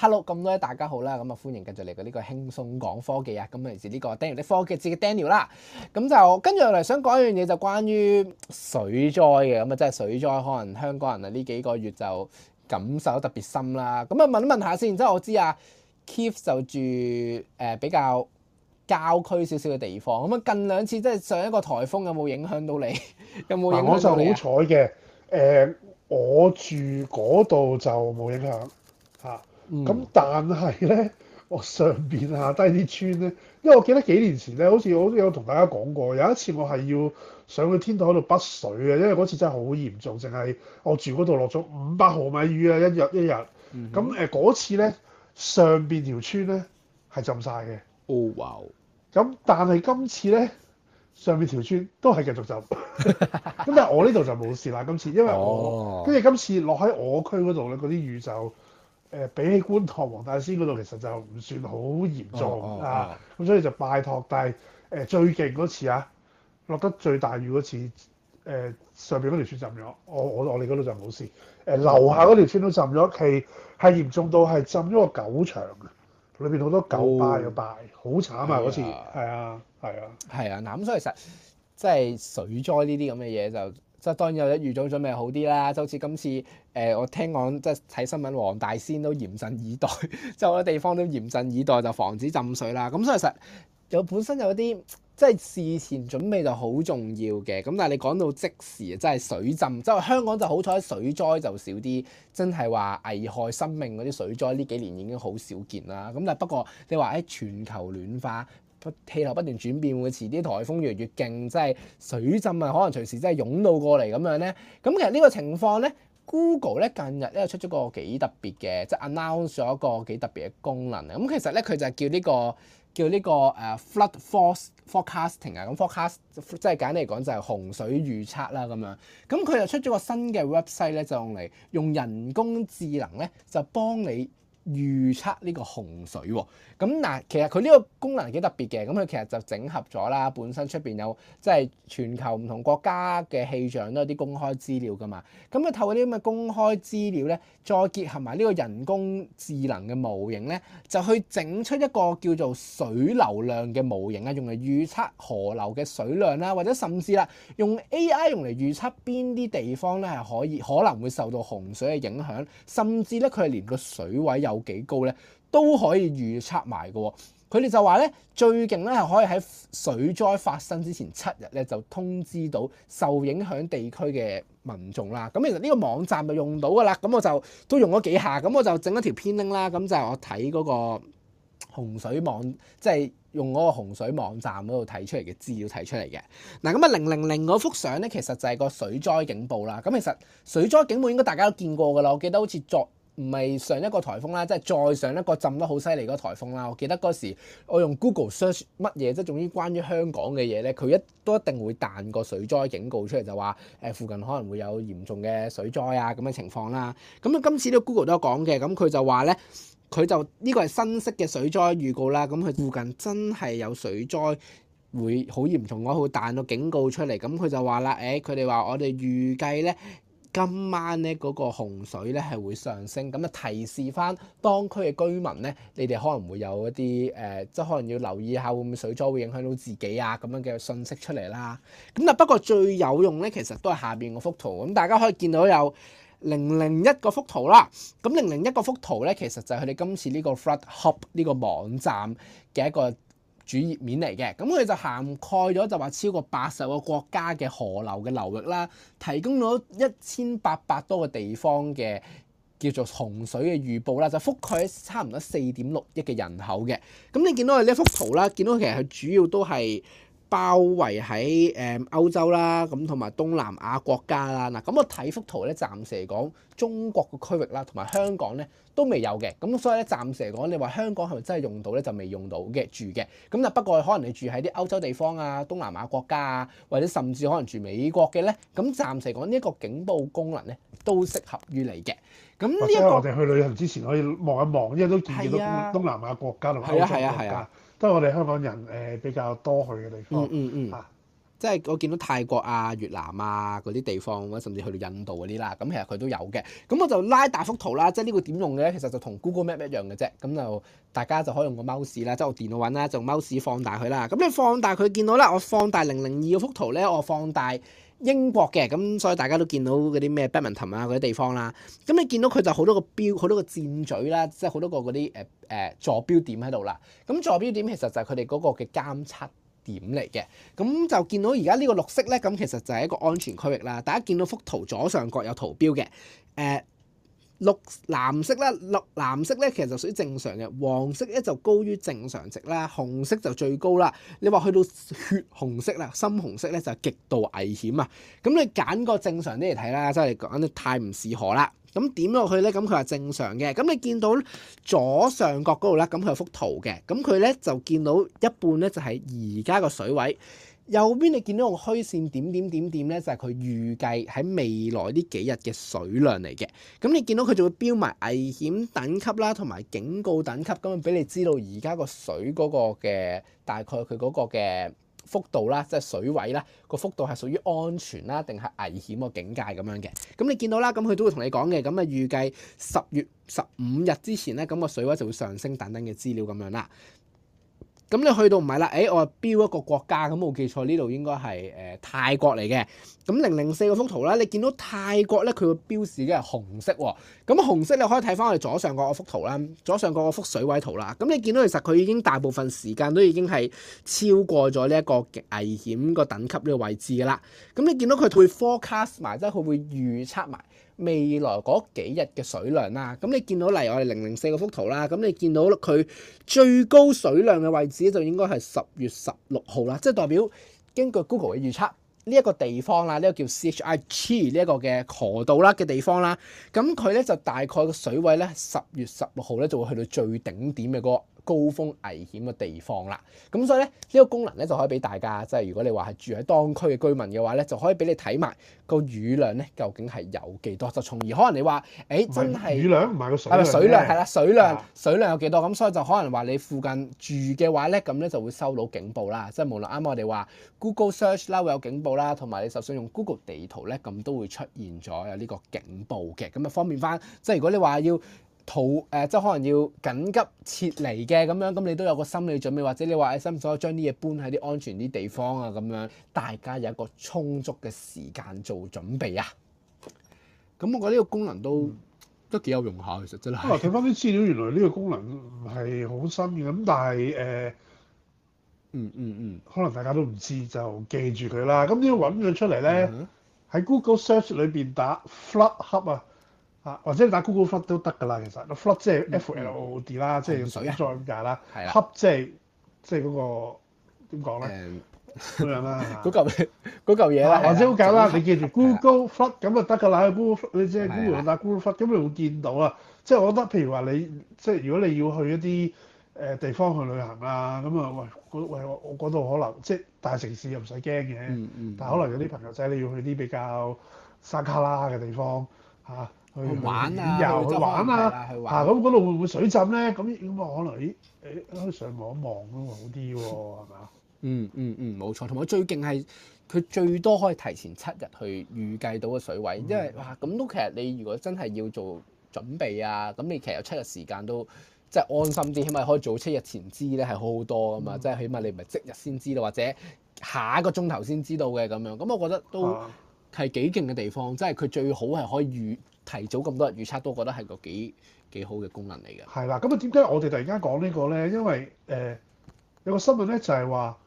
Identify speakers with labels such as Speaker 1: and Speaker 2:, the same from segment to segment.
Speaker 1: hello，咁多位大家好啦，咁啊歡迎繼續嚟到呢個輕鬆講科技啊，咁啊嚟自呢個 Daniel 的科技節嘅 Daniel 啦，咁就跟住落嚟想講一樣嘢，就關於水災嘅，咁啊即係水災，可能香港人啊呢幾個月就感受得特別深啦。咁啊問一問一下先，然之後我知啊，Keith 就住誒比較郊區少少嘅地方，咁啊近兩次即係、就是、上一個颱風有冇影響到你？ 有冇影響到你我就
Speaker 2: 好彩嘅，誒、呃、我住嗰度就冇影響嚇。啊。咁、嗯、但係呢，我上邊下低啲村呢，因為我記得幾年前呢，好似我有同大家講過，有一次我係要上去天台喺度筆水嘅，因為嗰次真係好嚴重，淨係我住嗰度落咗五百毫米雨啊，一日一日。咁誒嗰次呢，上邊條村呢係浸晒嘅。o、oh, 咁 wow. 但係今次呢，上邊條村都係繼續浸。咁 但係我呢度就冇事啦，今次，因為我跟住、oh. 今次落喺我區嗰度呢，嗰啲雨就～誒，比起觀塘黃大仙嗰度其實就唔算好嚴重、哦哦哦、啊，咁所以就拜託。但係誒、呃、最勁嗰次啊，落得最大雨嗰次，誒、呃、上邊嗰條村浸咗，我我我哋嗰度就冇事，誒、呃、樓下嗰條村都浸咗，係係嚴重到係浸咗個狗場啊，裏邊好多狗拜嘅拜，好、哦、慘啊嗰次，
Speaker 1: 係啊係啊係啊，嗱咁所以其實即係水災呢啲咁嘅嘢就～即係當然有啲預早準備好啲啦，就好似今次誒、呃，我聽講即係睇新聞，黃大仙都嚴陣以待，即係好多地方都嚴陣以待就防止浸水啦。咁所以其實有本身有啲即係事前準備就好重要嘅。咁但係你講到即時啊，即係水浸，即係香港就好彩，水災就少啲，真係話危害生命嗰啲水災呢幾年已經好少見啦。咁但係不過你話喺全球暖化。氣流不斷轉變，會遲啲颱風越嚟越勁，即係水浸啊，可能隨時真即係湧到過嚟咁樣咧。咁其實呢個情況咧，Google 咧近日咧出咗個幾特別嘅，即係 announce 咗一個幾特別嘅功能啊。咁其實咧佢就叫呢個叫呢個誒 Flood Force Forecasting 啊。咁 forecast 即係簡單嚟講就係洪水預測啦咁樣。咁佢就出咗個新嘅 website 咧，就用嚟用人工智能咧就幫你，預測呢個洪水喎，咁嗱，其實佢呢個功能幾特別嘅，咁佢其實就整合咗啦，本身出邊有即係全球唔同國家嘅氣象都有啲公開資料噶嘛，咁佢透過啲咁嘅公開資料咧，再結合埋呢個人工智能嘅模型咧，就去整出一個叫做水流量嘅模型啊，用嚟預測河流嘅水量啦，或者甚至啦，用 AI 用嚟預測邊啲地方咧係可以可能會受到洪水嘅影響，甚至咧佢係連個水位又幾高咧，都可以預測埋嘅。佢哋就話咧，最勁咧係可以喺水災發生之前七日咧就通知到受影響地區嘅民眾啦。咁其實呢個網站就用到噶啦，咁我就都用咗幾下，咁我就整咗條片拎啦。咁就係我睇嗰個洪水網，即係用嗰個洪水網站嗰度睇出嚟嘅資料睇出嚟嘅。嗱，咁啊零零零嗰幅相咧，其實就係個水災警報啦。咁其實水災警報應該大家都見過噶啦，我記得好似昨。唔係上一個颱風啦，即係再上一個浸得好犀利嗰個颱風啦。我記得嗰時我用 Google search 乜嘢，即係總之關於香港嘅嘢咧，佢一都一定會彈個水災警告出嚟，就話誒附近可能會有嚴重嘅水災啊咁嘅情況啦。咁、嗯、啊，今次呢 Google 都有講嘅，咁、嗯、佢就話咧，佢就呢個係新式嘅水災預告啦。咁、嗯、佢附近真係有水災會好嚴重，我會彈個警告出嚟。咁、嗯、佢就話啦，誒佢哋話我哋預計咧。今晚咧嗰個洪水咧係會上升，咁啊提示翻當區嘅居民咧，你哋可能會有一啲誒、呃，即係可能要留意下會唔會水災會影響到自己啊咁樣嘅信息出嚟啦。咁啊不過最有用咧，其實都係下邊嗰幅圖，咁大家可以見到有零零一個幅圖啦。咁零零一個幅圖咧，其實就係佢哋今次呢個 Flood Hub 呢個網站嘅一個。主頁面嚟嘅，咁佢就涵蓋咗就話超過八十個國家嘅河流嘅流域啦，提供咗一千八百多個地方嘅叫做洪水嘅預報啦，就覆蓋差唔多四點六億嘅人口嘅。咁你見到佢呢幅圖啦，見到其實佢主要都係。包圍喺誒歐洲啦，咁同埋東南亞國家啦。嗱，咁我睇幅圖咧，暫時嚟講，中國嘅區域啦，同埋香港咧都未有嘅。咁所以咧，暫時嚟講，你話香港係咪真係用到咧？就未用到嘅住嘅。咁啊，不過可能你住喺啲歐洲地方啊、東南亞國家啊，或者甚至可能住美國嘅咧，咁暫時嚟講，呢一個警報功能咧都適合於你嘅。咁呢一個，我哋
Speaker 2: 去旅行之前可以望一望，因為都見到東南亞國家同歐洲嘅國家。係啊，係啊，係啊。都係我哋香港人誒、呃、比較多去嘅地方，
Speaker 1: 嚇，即係我見到泰國啊、越南啊嗰啲地方，或者甚至去到印度嗰啲啦，咁、嗯、其實佢都有嘅。咁、嗯、我就拉大幅圖啦，即係呢個點用嘅咧？其實就同 Google Map 一樣嘅啫。咁、嗯、就大家就可以用個 mouse 啦，即係我電腦揾啦，就用 mouse 放大佢啦。咁、嗯、你放大佢見到咧，我放大零零二幅圖咧，我放大。英國嘅，咁所以大家都見到嗰啲咩 b e e n t 壘、檸啊嗰啲地方啦。咁你見到佢就好多個標，好多個箭嘴啦，即係好多個嗰啲誒誒座標點喺度啦。咁座標點其實就係佢哋嗰個嘅監測點嚟嘅。咁就見到而家呢個綠色咧，咁其實就係一個安全區域啦。大家見到幅圖左上角有圖標嘅誒。呃綠藍色咧，綠藍色咧其實就屬於正常嘅，黃色咧就高於正常值啦，紅色就最高啦。你話去到血紅色啦，深紅色咧就極度危險啊！咁你揀個正常啲嚟睇啦，真係講得太唔適合啦。咁點落去咧，咁佢係正常嘅。咁你見到左上角嗰度咧，咁佢有幅圖嘅，咁佢咧就見到一半咧就係而家個水位。右邊你見到用虛線點點點點咧，就係佢預計喺未來呢幾日嘅水量嚟嘅。咁你見到佢就會標埋危險等級啦，同埋警告等級咁樣俾你知道而家個水嗰個嘅大概佢嗰個嘅幅度啦，即係水位啦，個幅度係屬於安全啦，定係危險個境界咁樣嘅。咁你見到啦，咁佢都會同你講嘅，咁啊預計十月十五日之前咧，咁個水位就會上升等等嘅資料咁樣啦。咁你去到唔係啦，誒、哎、我標一個國家，咁冇記錯呢度應該係誒、呃、泰國嚟嘅。咁零零四嗰幅圖啦，你見到泰國咧佢個標示嘅係紅色喎。咁紅色你可以睇翻我哋左上角嗰幅圖啦，左上角嗰幅水位圖啦。咁你見到其實佢已經大部分時間都已經係超過咗呢一個極危險個等級呢個位置噶啦。咁你見到佢會 forecast 埋，即係佢會預測埋。未來嗰幾日嘅水量啦，咁你見到例如我哋零零四嗰幅圖啦，咁你見到佢最高水量嘅位置咧，就應該係十月十六號啦，即係代表根據 Google 嘅預測，呢、這、一個地方啦，呢、這個叫 CHI G 呢一個嘅河道啦嘅地方啦，咁佢咧就大概個水位咧，十月十六號咧就會去到最頂點嘅嗰個。高峰危險嘅地方啦，咁所以咧呢個功能咧就可以俾大家，即係如果你話係住喺當區嘅居民嘅話咧，就可以俾你睇埋個雨量咧，究竟係有幾多，就從而可能你話，誒、哎、是真係是雨量唔係個水係咪水量係啦，水量水量有幾多，咁所以就可能話你附近住嘅話咧，咁咧就會收到警報啦，即係無論啱啱我哋話 Google Search 啦，會有警報啦，同埋你就算用 Google 地圖咧，咁都會出現咗有呢個警報嘅，咁啊方便翻，即係如果你話要。逃誒，即係可能要緊急撤離嘅咁樣，咁你都有個心理準備，或者你話係心所以將啲嘢搬喺啲安全啲地方啊咁樣，大家有一個充足嘅時間做準備啊。咁我覺得呢個功能都、嗯、都幾有用下，其實真係。
Speaker 2: 睇翻啲資料，原來呢個功能係好新嘅，咁但係誒、呃嗯，嗯嗯嗯，可能大家都唔知，就記住佢啦。咁要揾佢出嚟咧，喺、嗯、Google Search 裏邊打 Flood Hub 啊。或者你打 Google Flood 都得噶啦，其實，Flood 即係 F L O D 啦，即係水災咁解啦。Hub 即係即係嗰個點講咧？咁樣啦，嗰
Speaker 1: 嚿嘢，嗰嚿嘢啦。或者好簡單，你
Speaker 2: 記住 Google Flood 咁就得噶啦。Google 你即係 Google 打 Google Flood 咁你會見到啊。即係我覺得，譬如話你即係如果你要去一啲誒地方去旅行啊，咁啊喂，喂我嗰度可能即係大城市又唔使驚嘅，但係可能有啲朋友仔你要去啲比較山卡拉嘅地方嚇。去玩啊，又遊玩啊，嚇咁嗰度會唔會水浸咧？咁咁啊，可能誒誒，上網望咁好啲喎，
Speaker 1: 係嘛？嗯嗯嗯，冇錯。同埋最勁係佢最多可以提前七日去預計到個水位，因為哇，咁、就是啊、都其實你如果真係要做準備啊，咁你其實有七日時間都即係安心啲，起碼可以早七日前知咧，係好好多噶嘛。即係、嗯、起碼你唔係即日先知咯，或者下一個鐘頭先知道嘅咁樣。咁我覺得都係幾勁嘅地方，即係佢最好係可以預。提早咁多日預測，都覺得係個幾幾好嘅功能嚟嘅。
Speaker 2: 係啦，咁啊點解我哋突然間講呢個咧？因為誒、呃、有個新聞咧，就係話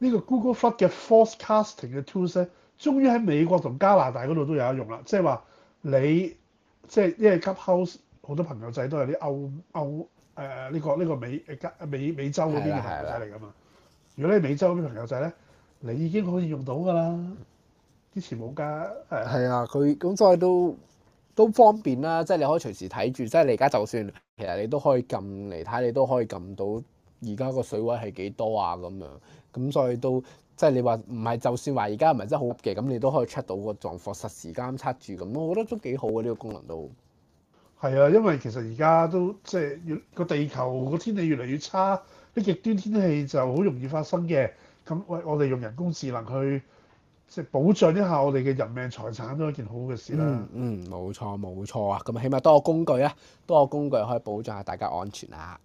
Speaker 2: 呢個 Google Flood 嘅 Forecasting 嘅 tools 咧，終於喺美國同加拿大嗰度都有得用啦。即係話你即係因為 Clubhouse 好多朋友仔都係啲歐歐誒呢、呃這個呢、這個美加美美洲嗰邊嘅朋友仔嚟㗎嘛。如果你美洲嗰啲朋友仔咧，你已經可以用到㗎啦。之前冇加係
Speaker 1: 係啊，佢咁所以都。都方便啦，即係你可以隨時睇住，即係你而家就算其實你都可以撳嚟睇，你都可以撳到而家個水位係幾多啊咁樣，咁所以都即係你話唔係就算話而家唔係真係好嘅，咁你都可以 check 到個狀況，實時監測住咁，我覺得都幾好嘅呢個功能都。
Speaker 2: 係啊，因為其實而家都即係越個地球個天氣越嚟越差，啲極端天氣就好容易發生嘅。咁喂，我哋用人工智能去。
Speaker 1: 即係保障一下我哋嘅人命財產都係一件好好嘅事啦。嗯，嗯，冇錯，冇錯啊，咁起碼多個工具啊，多個工具可以保障下大家安全啊。